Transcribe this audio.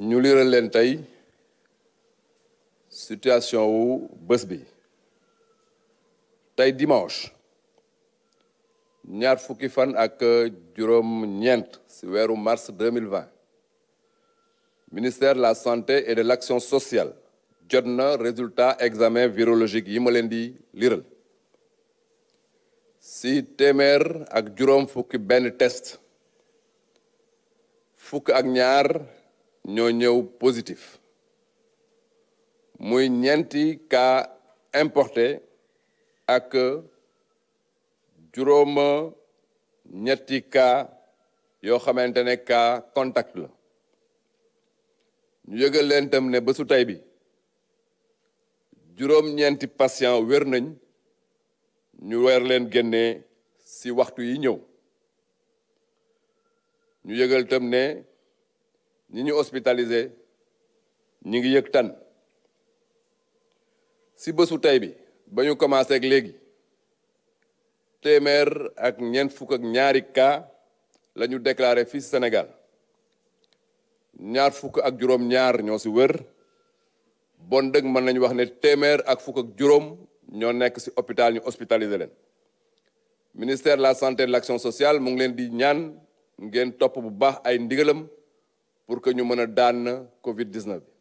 ñu liral leen situation wu bés bi dimanche ñaar fukki fan ak juróom-ñeent c'est mars 2020 ministère de la santé et de l'action sociale journal résultat examen virologique yi ma di liral ci téeméer ak durum fukki ben test fuk ak ñoo ñëw positif muy ñenti ka importé ak juróoma ñetti ka yo xamantene ka contact la ñu yëgal leen tam ne bésu tey bi juróom-ñeenti patient wér nañ ñu weer leen génnee ci waxtu yi ñëw ñu yëgal tam ne ñi ñu hospitalisé ñi ngi yëg tan si bësu tey bi ba ñu commencé ak léegi téeméer ak ñeent fukk ak ñaari cas la ñu déclaré fii Sénégal ñaar fukk ak juróom ñaar ñoo si wër bon dëgg mën nañu wax ne téeméer ak fukk ak juróom ñoo nekk si hôpital ñu hospitalisé leen ministère de la santé et de l'action sociale mu ngi leen di ñaan ngeen topp bu baax ay ndigalam pour que ñu mën a daan Covid 19 bi